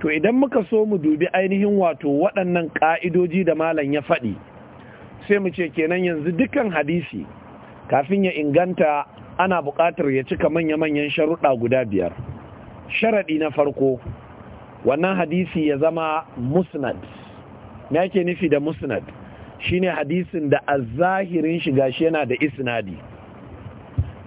to idan muka so mu dubi ainihin wato waɗannan ƙa'idoji da malam ya faɗi sai mu ce kenan yanzu dukkan hadisi kafin ya inganta ana buƙatar ya cika manya-manyan sharuɗa guda biyar sharaɗi na farko wannan hadisi ya zama musnad me ake nufi da musnad shine hadisin da a zahirin shiga shi yana da isnadi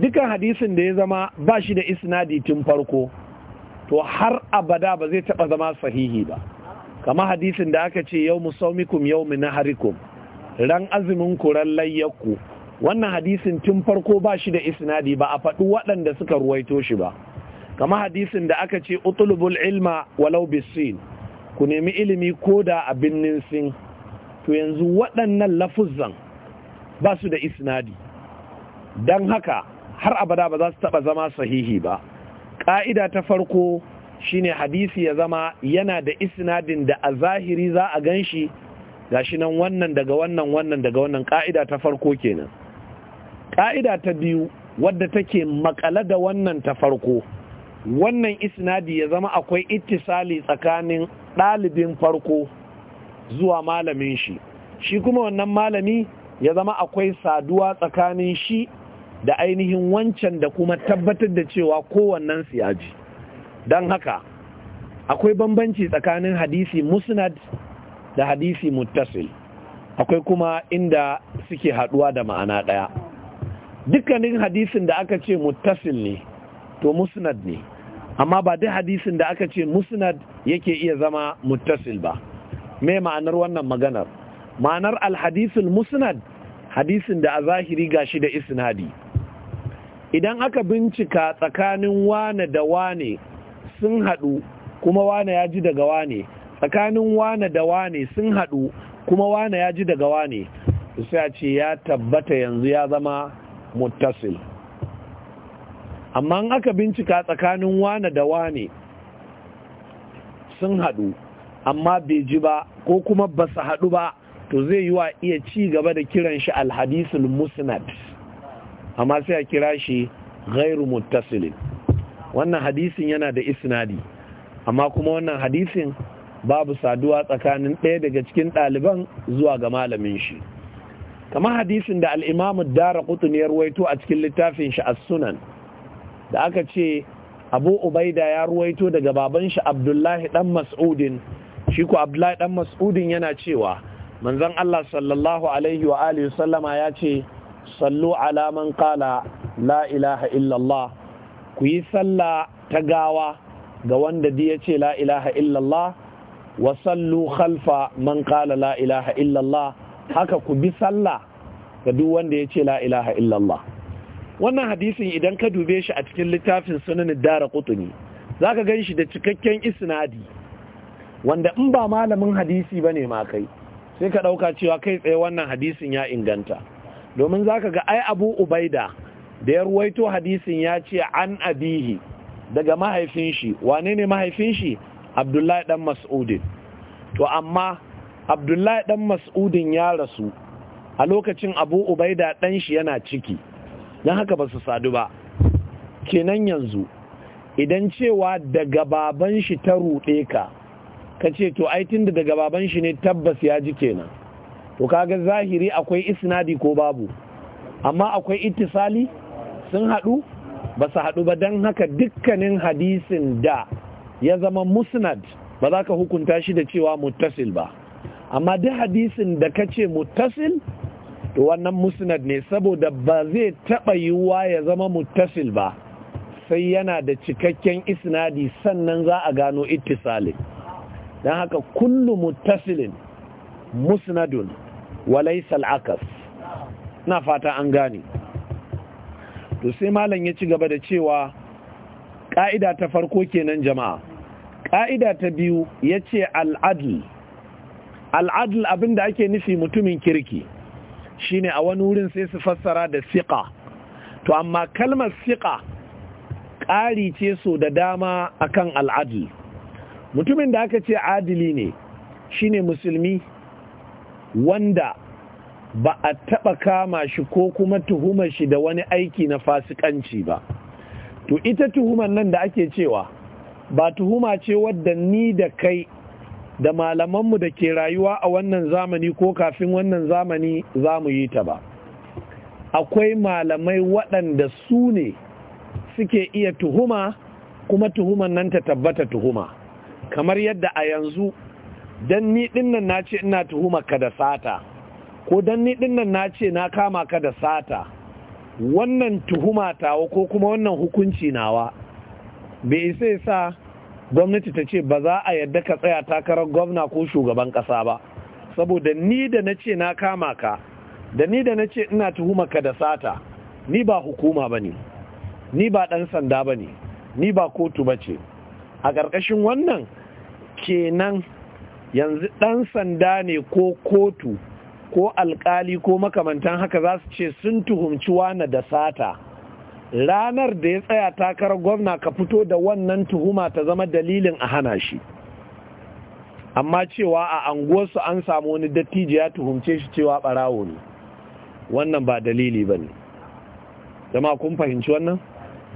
Dukkan hadisin da ya zama ba shi da isnadi tun farko to har abada ba zai taba zama sahihi ba kama hadisin da aka ce yau musaumikum yau mu naharikum, ran azumin ku ran layyakku wannan hadisin tun farko ba shi da isnadi ba a faɗi waɗanda suka ruwaito shi ba kama hadisin da aka ce utulubul ilma walau bisin ku nemi ilimi ko da a birnin sin to yanzu waɗannan lafuzan ba su da isnadi don haka har abada ba za su taɓa zama sahihi ba ƙa'ida ta farko shine hadisi ya zama yana da isnadin da a zahiri za a gan shi shi nan wannan daga wannan wannan daga wannan ka'ida ta farko kenan ƙa'ida ta biyu wadda take makale da wannan ta farko wannan isnadi ya zama akwai ittisali tsakanin ɗalibin farko zuwa malamin shi shi kuma wannan malami ya zama akwai saduwa tsakanin shi da ainihin wancan da kuma tabbatar da cewa ya ji. don haka akwai bambanci tsakanin hadisi musnad da hadisi muttasil akwai kuma inda suke haduwa da ma'ana daya dukkanin hadisin da aka ce muttasil ne to musnad ne amma ba duk hadisin da aka ce musnad yake iya zama muttasil ba me ma'anar wannan maganar ma'anar alhadisul musnad hadisin da a zahiri gashi da isnadi idan aka bincika tsakanin wane da wane sun haɗu kuma wane ya ji daga wane tsakanin wane da wane sun haɗu kuma wane ya ji daga wane sai a ce ya tabbata yanzu ya zama mutasil amma in aka bincika tsakanin wane da wane sun haɗu amma bai ji ba ko kuma ba su haɗu ba to zai yi wa iya ci gaba da kiran shi alhadisul musnad amma sai a kira shi ghairu mutasilin wannan hadisin yana da isnadi amma kuma wannan hadisin babu saduwa tsakanin ɗaya daga cikin ɗaliban zuwa ga malamin shi Kama hadisin da al'imamu dara kutuniyar waito a cikin littafin shi a sunan da aka ce abu ubaida ya ruwaito daga baban shi abdullahi ɗan mas'udin shi ku abdullahi ɗan mas'udin yana cewa manzon allah sallallahu alaihi wa sallama ya ce sallu alaman kala la ilaha illallah ku yi sallah ta gawa ga wanda ya ce la ilaha illallah wa sallu khalfa man kala la illallah haka ku bi sallah ga duk wanda ya ce la illallah wannan hadisin idan ka dube shi a cikin littafin sunan dara kutuni za ka gan shi da cikakken isnadi wanda in ba malamin hadisi ba ne makai, kai sai ka ɗauka cewa kai tsaye wannan hadisin ya inganta domin za ka ga ai abu ubaida da ya ruwaito hadisin ya ce an abihi daga mahaifin shi wane ne mahaifin shi abdullahi dan mas'udin to amma abdullahi dan mas'udin ya rasu a lokacin abu ubaida dan shi yana ciki don haka ba su sadu ba kenan yanzu idan cewa daga baban shi ta ruɗe ka ka ce to ai tunda daga baban shi ne tabbas ya ji kenan to kaga zahiri akwai isnadi ko babu amma akwai ittisali sun haɗu ba su haɗu ba don haka dukkanin hadisin da ya zama musnad ba za ka hukunta shi da cewa mutasil ba amma duk hadisin da ka ce muttasil to wannan musnad ne saboda ba zai taɓa yiwuwa ya zama muttasil ba sai yana da cikakken isnadi sannan za a gano ittisalin don haka kullu mutasilin musnadun walaisal akas na fata an gane to sai malam ya ci gaba da cewa ƙa'ida ta farko kenan jama'a ƙa'ida ta biyu ya ce al'adl al'adl da ake nufi mutumin kirki shine a wani wurin sai su fassara da siƙa to amma kalmar siƙa ƙari ce so da dama akan al'adl mutumin da aka ce adili ne shine musulmi wanda ba a taɓa kama shi ko kuma tuhumar shi da wani aiki na fasikanci ba to ita tuhumar nan da ake cewa ba tuhuma ce wadda ni da kai da malamanmu da ke rayuwa a wannan zamani ko kafin wannan zamani za mu yi ta ba akwai malamai waɗanda su ne suke iya tuhuma kuma tuhumar nan ta tabbata tuhuma kamar yadda a yanzu don ni ɗinnan na ce ina tuhuma ka da sata ko dan ni din nan na ce na kama ka da sata wannan tuhuma tawo ko kuma wannan hukunci nawa bai isa sa gwamnati ta ce ba za a yadda ka tsaya takarar gwamna ko shugaban kasa ba saboda ni da na ce na kama ka da ni da na ce ina tuhuma ka da sata ni ba hukuma ba ne ni ba ɗan sanda ba ne ni ba kotu ba ce a ƙarƙashin wannan kenan yanzu ɗan sanda ne ko kotu ko alkali ko makamantan haka za su ce sun tuhumci wana da sata ranar da ya tsaya takarar gwamna ka fito da wannan tuhuma ta zama dalilin a hana shi amma cewa a anguwarsu an samu wani dattijo ya tuhumce shi cewa barawo ne wannan ba dalili ba ne zama kun fahimci wannan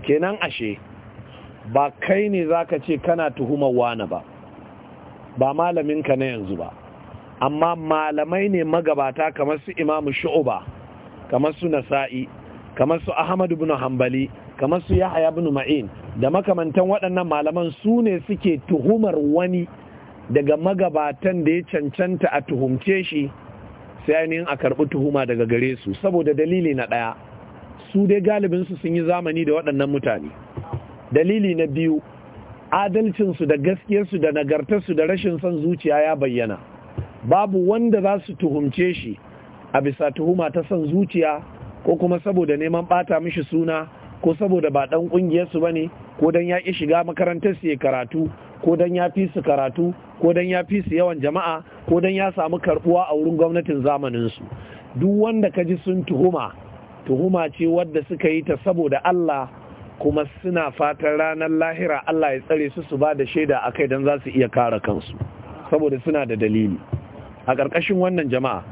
kenan ashe ba kai ne za ka ce kana tuhumar wane ba ba malaminka na yanzu ba amma malamai ne magabata kamar su imamu shu'uba kamar su nasa'i kamar su Ahmadu bin hanbali kamar su yahaya Bin ma'in da makamantan waɗannan malaman su ne suke tuhumar wani daga magabatan da ya cancanta a tuhumce shi sai ainihin a karɓi tuhuma daga gare su saboda dalili na ɗaya su dai galibinsu sun yi zamani da waɗannan mutane dalili na biyu adalcinsu da gaskiyarsu da nagartarsu da rashin son zuciya ya bayyana babu wanda za su tuhumce shi a bisa tuhuma ta son zuciya ko kuma saboda neman bata mishi suna ko saboda ba dan su bane ko dan ya ki shiga makarantar su karatu ko dan ya fi su karatu ko dan ya fi su yawan jama'a ko dan ya samu karbuwa a wurin gwamnatin zamanin su duk wanda ka ji sun tuhuma tuhuma ce wadda suka yi ta saboda Allah kuma suna fatan ranar lahira Allah ya tsare su su ba da shaida akai dan za su iya kare kansu saboda suna da dalili a ƙarƙashin wannan jama'a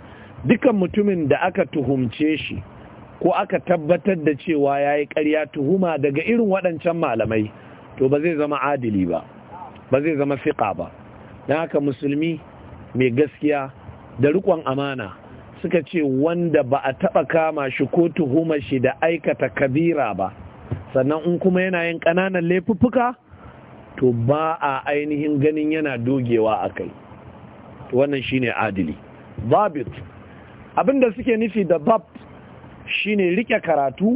dukkan mutumin da aka tuhumce shi ko aka tabbatar da cewa ya yi ƙarya tuhuma daga irin waɗancan malamai to ba zai zama adili ba ba zai zama fiƙa ba don haka musulmi mai gaskiya da riƙon amana suka ce wanda ba a taɓa kama shi ko tuhuma shi da aikata kabira ba sannan in kuma yana yin ƙananan laifuffuka to ba a ainihin ganin yana dogewa a kai wannan shine adili babit da suke nufi da bab shine rike karatu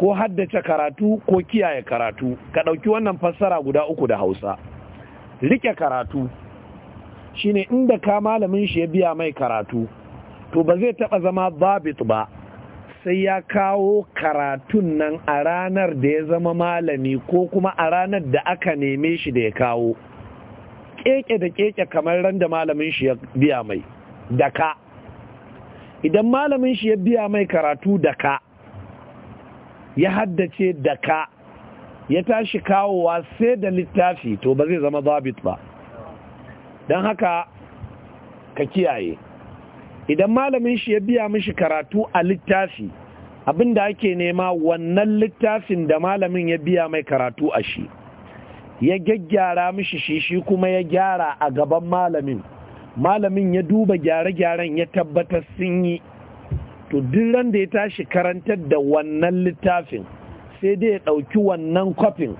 ko haddace karatu ko kiyaye karatu ka ɗauki wannan fassara guda uku da hausa rike karatu shine inda ka malamin shi ya biya mai karatu to ba zai taɓa zama babit ba sai ya kawo karatun nan a ranar da ya zama malami ko kuma a ranar da aka neme shi da ya kawo keke da keke kamar ran da malamin shi ya biya mai da ka idan malamin shi ya biya mai karatu da ka ya haddace da ka ya tashi kawowa sai da littafi to ba zai zama zabit ba don haka ka kiyaye idan malamin shi ya biya mishi karatu a littafi abinda ake nema wannan littafin da malamin ya biya mai karatu a shi ya gyaggyara mishi shi shi kuma ya gyara a gaban malamin malamin ya duba gyare-gyaren ya tabbatar sun yi to duk da ya tashi karantar da wannan littafin sai dai ya ɗauki wannan kwafin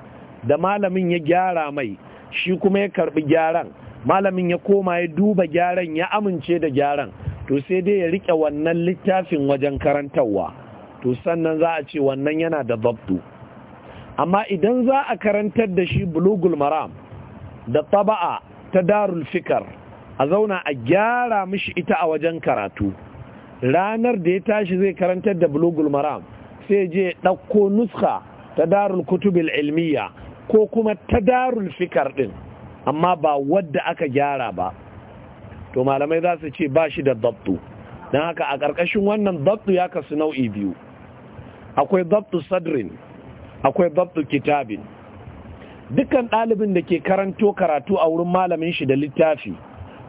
da malamin ya gyara mai shi kuma ya karbi gyaran malamin ya koma ya duba gyaran ya amince da gyaran to sai dai ya riƙe wannan littafin wajen karantarwa to sannan za a ce wannan yana da zabtu amma idan za a karantar da shi bulugul maram da taba'a ta darul fikar a zauna a gyara mishi ita a wajen karatu ranar da ya tashi zai karantar da bulugul maram sai je ɗauko nuska ta darul kutubil ilmiya ko kuma ta darul fikar ɗin amma ba wadda aka gyara ba to malamai za su ce ba shi da dabtu don haka a ƙarƙashin wannan dabtu ya kasu nau'i biyu akwai dabtu sadrin akwai dabtu kitabin dukkan ɗalibin da ke karanto karatu a wurin malamin shi da littafi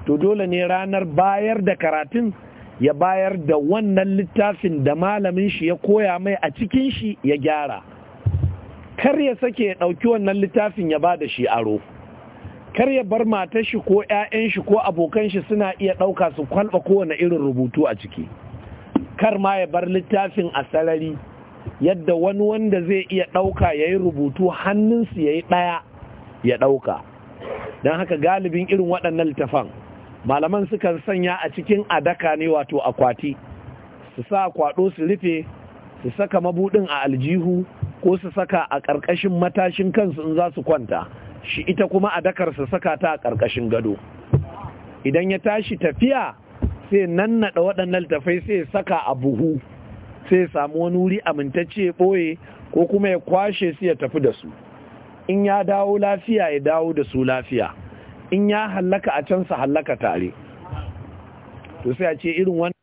to dole ne ranar bayar da karatun ya bayar da wannan littafin da malamin shi ya koya mai a cikin shi ya gyara kar ya sake ya ɗauki wannan littafin ya ba da shi aro kar ya bar matar shi ko 'ya'yan shi ko abokan shi suna iya ɗauka su kwalba kowane irin rubutu a ciki kar ma ya bar littafin a sarari yadda wani wanda zai iya ɗauka ya yi rubutu hannunsu ya yi ɗaya ya ɗauka don haka galibin irin waɗannan littafan malaman sukan sanya a cikin adaka ne wato akwati su sa kwaɗo su rufe su saka mabuɗin a aljihu ko su saka a ƙarƙashin matashin kansu in za su kwanta shi ita kuma adakar su saka ta a ƙarƙashin gado idan ya tashi tafiya sai nannaɗa waɗannan littafai sai saka a buhu sai ya samu wani wuri amintacce ɓoye ko kuma ya kwashe su ya tafi da su in ya dawo lafiya ya dawo da su lafiya in ya hallaka a can su hallaka tare to sai a ce irin wani